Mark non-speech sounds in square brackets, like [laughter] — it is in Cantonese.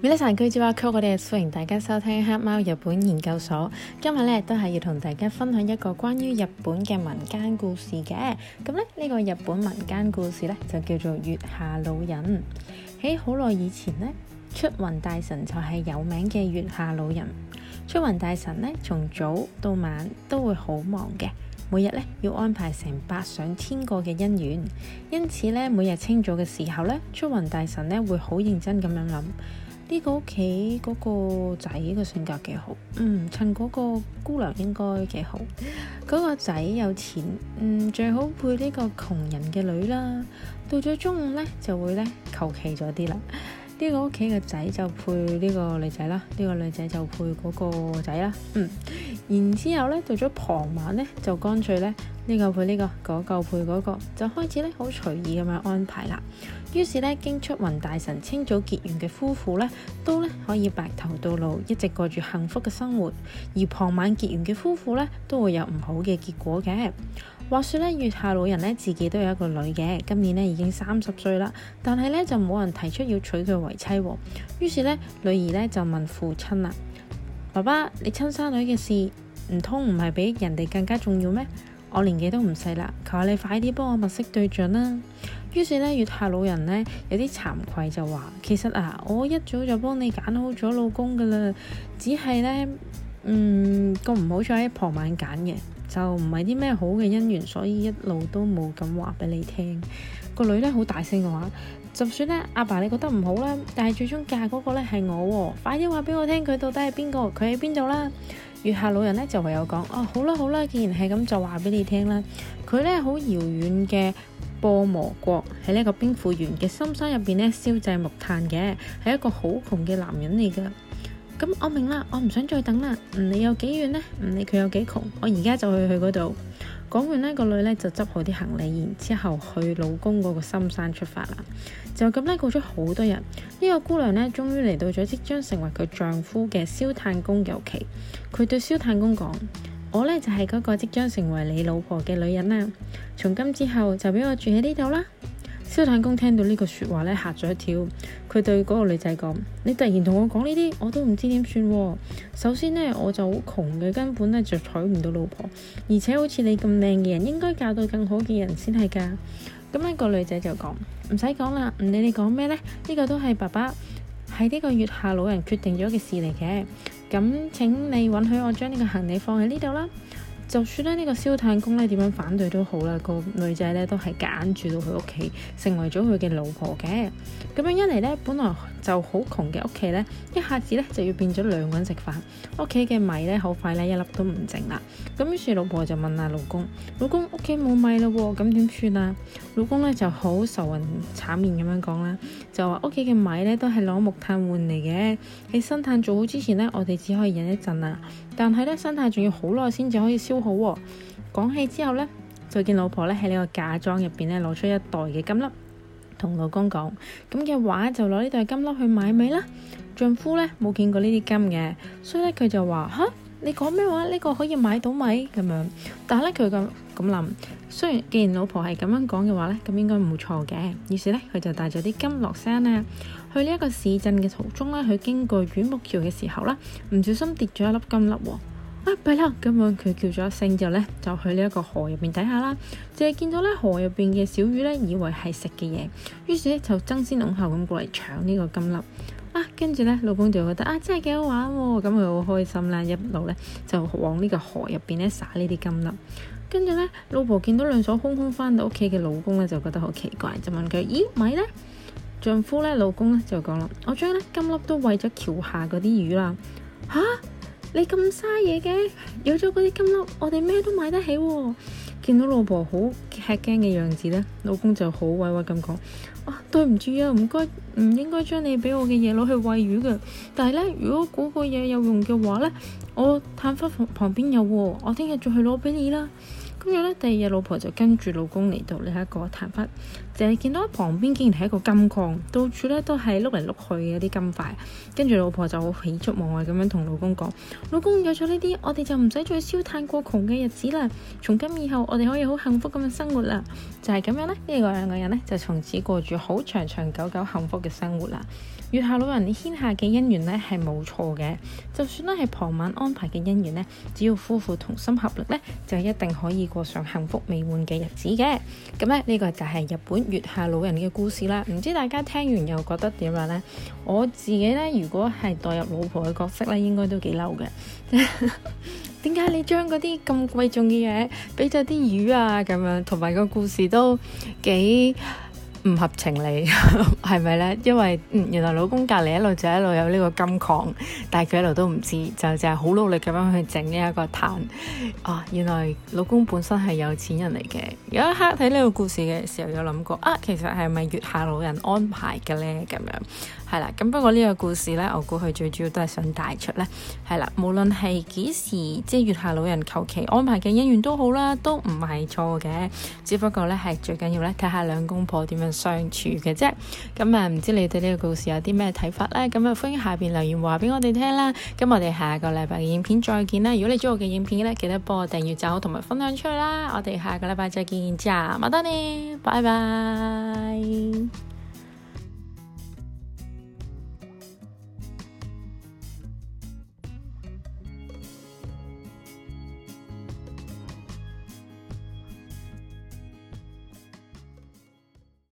皆さんこんにちは，各位，我哋歡迎大家收聽黑貓日本研究所。今日咧都係要同大家分享一個關於日本嘅民間故事嘅。咁咧，呢個日本民間故事咧就叫做月下老人。喺好耐以前呢，出雲大神就係有名嘅月下老人。出雲大神咧，從早到晚都會好忙嘅，每日咧要安排成百上千個嘅姻緣，因此咧，每日清早嘅時候咧，出雲大神咧會好認真咁樣諗。呢個屋企嗰個仔嘅性格幾好，嗯，襯嗰個姑娘應該幾好。嗰個仔有錢，嗯，最好配呢個窮人嘅女啦。到咗中午呢，就會呢求其咗啲啦。呢個屋企嘅仔就配呢個女仔啦，呢個女仔就配嗰個仔啦，嗯。然之後呢，到咗傍晚呢，就乾脆呢，呢個配呢個，嗰個配嗰個，就開始呢，好隨意咁樣安排啦。於是咧，經出雲大神清早結緣嘅夫婦咧，都咧可以白頭到老，一直過住幸福嘅生活。而傍晚結緣嘅夫婦咧，都會有唔好嘅結果嘅。話説咧，月下老人咧自己都有一個女嘅，今年咧已經三十歲啦，但係咧就冇人提出要娶佢為妻哦。於是咧，女兒咧就問父親啦：爸爸，你親生女嘅事，唔通唔係比人哋更加重要咩？我年紀都唔細啦，求下你快啲幫我物色對象啦。於是呢，月下老人呢，有啲慚愧就話：其實啊，我一早就幫你揀好咗老公噶啦，只係呢，嗯，個唔好再喺傍晚揀嘅，就唔係啲咩好嘅姻緣，所以一路都冇噉話俾你聽。個女呢，好大聲嘅話，就算呢，阿爸你覺得唔好啦，但係最終嫁嗰個呢係我喎，哦，快啲話俾我聽佢到底係邊個，佢喺邊度啦！月下老人咧就唯有講，哦，好啦好啦，既然係咁就話俾你聽啦。佢咧好遙遠嘅播磨國喺呢一個冰庫園嘅深山入邊咧燒製木炭嘅，係一個好窮嘅男人嚟噶。咁、嗯、我明啦，我唔想再等啦。唔理有幾遠呢，唔理佢有幾窮？我而家就去佢嗰度。講完呢、那個女呢，就執好啲行李，然之後去老公嗰個深山出發啦。就咁呢，過咗好多日，呢、這個姑娘呢，終於嚟到咗即將成為佢丈夫嘅燒炭公嘅屋企。佢對燒炭公講：，我呢，就係、是、嗰個即將成為你老婆嘅女人啦。從今之後就俾我住喺呢度啦。燒太公聽到個說呢個説話咧，嚇咗一跳。佢對嗰個女仔講：，你突然同我講呢啲，我都唔知點算。首先呢，我就好窮嘅，根本咧就娶唔到老婆。而且好似你咁靚嘅人，應該嫁到更好嘅人先係㗎。咁呢個女仔就講，唔使講啦，唔理你講咩呢，呢、呢個都係爸爸喺呢個月下老人決定咗嘅事嚟嘅。咁請你允許我將呢個行李放喺呢度啦。就算咧呢個燒炭工咧點樣反對都好啦，個女仔咧都係夾住到佢屋企，成為咗佢嘅老婆嘅。咁樣一嚟咧，本來就好窮嘅屋企咧，一下子咧就要變咗兩個人食飯，屋企嘅米咧好快咧一粒都唔剩啦。咁於是老婆就問下老公：老公，屋企冇米啦，咁點算啊？老公咧就好愁雲慘面咁樣講啦，就話屋企嘅米咧都係攞木炭換嚟嘅，喺生炭做好之前咧，我哋只可以忍一陣啊。但係咧，身體仲要好耐先至可以燒好喎、哦。講起之後咧，就見老婆咧喺呢個嫁妝入邊咧攞出一袋嘅金粒，同老公講咁嘅話，就攞呢袋金粒去買米啦。丈夫咧冇見過呢啲金嘅，所以咧佢就話嚇。你講咩話？呢個可以買到米咁樣，但係咧，佢咁咁諗，雖然既然老婆係咁樣講嘅話呢，咁應該冇錯嘅。於是呢，佢就帶咗啲金落山啊。去呢一個市鎮嘅途中呢，佢經過雨木橋嘅時候呢，唔小心跌咗一粒金粒喎。啊，弊啦！咁樣佢叫咗一聲之後咧，就去呢一個河入面睇下啦，淨係見到呢河入面嘅小魚呢，以為係食嘅嘢，於是呢就爭先恐後咁過嚟搶呢個金粒。啊，跟住咧，老公就覺得啊，真係幾好玩喎，哦，咁佢好開心啦，一路咧就往呢個河入邊咧撒呢啲金粒。跟住咧，老婆見到兩手空空返到屋企嘅老公咧，就覺得好奇怪，就問佢：，咦，咪呢？」丈夫咧，老公咧就講啦：，我將咧金粒都餵咗橋下嗰啲魚啦。吓，啊？你咁嘥嘢嘅，有咗嗰啲金粒，我哋咩都買得起喎，哦。見到老婆好吃驚嘅樣子咧，老公就好委屈咁講：，啊，對唔住啊，唔該，唔應該將你俾我嘅嘢攞去喂魚嘅。但係呢，如果嗰個嘢有用嘅話呢，我探灰旁旁邊有、哦，我聽日再去攞俾你啦。跟住咧，第二日老婆就跟住老公嚟到呢一個炭窟，就係見到旁邊竟然係一個金礦，到處咧都係碌嚟碌去嘅啲金塊。跟住老婆就好喜出望外咁樣同老公講：老公有咗呢啲，我哋就唔使再燒炭過窮嘅日子啦。從今以後，我哋可以好幸福咁樣生活啦。就係咁樣咧，呢個兩個人咧就從此過住好長長久久幸福嘅生活啦。月下老人牽下嘅姻緣咧係冇錯嘅，就算咧係傍晚安排嘅姻緣咧，只要夫婦同心合力咧，就一定可以。過上幸福美滿嘅日子嘅，咁咧呢個就係日本月下老人嘅故事啦。唔知大家聽完又覺得點樣呢？我自己呢，如果係代入老婆嘅角色呢，應該都幾嬲嘅。點 [laughs] 解你將嗰啲咁貴重嘅嘢俾咗啲魚啊？咁樣同埋個故事都幾。唔合情理，係 [laughs] 咪呢？因為、嗯、原來老公隔籬一路就一路有呢個金礦，但係佢一路都唔知，就淨係好努力咁樣去整呢一個碳。哦、啊，原來老公本身係有錢人嚟嘅。有一刻睇呢個故事嘅時候，有諗過「啊，其實係咪月下老人安排嘅呢？」咁樣。係啦，咁不過呢個故事呢，我估佢最主要都係想帶出呢。係啦，無論係幾時，即係月下老人求其安排嘅姻緣都好啦，都唔係錯嘅，只不過呢係最緊要呢，睇下兩公婆點樣相處嘅啫。咁啊，唔知你對呢個故事有啲咩睇法呢？咁啊，歡迎下邊留言話俾我哋聽啦。咁我哋下個禮拜嘅影片再見啦。如果你中意我嘅影片呢，記得幫我訂閱讚好同埋分享出去啦。我哋下個禮拜再見，再唔該你，拜拜。